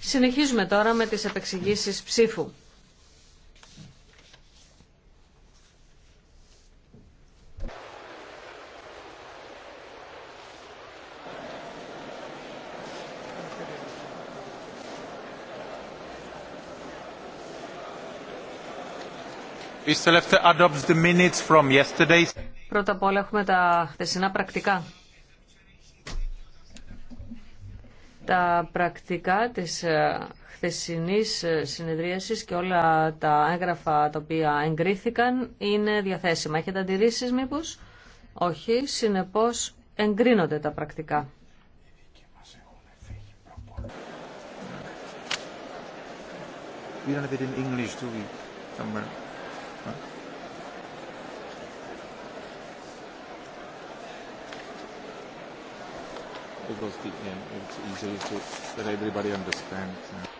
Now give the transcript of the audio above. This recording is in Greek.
Συνεχίζουμε τώρα με τις επεξηγήσεις ψήφου. Πρώτα απ' όλα έχουμε τα θεσινά πρακτικά. Τα πρακτικά της ε, χθεσινής ε, συνεδρίασης και όλα τα έγγραφα τα οποία εγκρίθηκαν είναι διαθέσιμα. Έχετε αντιρρήσεις μήπως? Όχι, συνεπώς εγκρίνονται τα πρακτικά. because it's easy to, that everybody understands.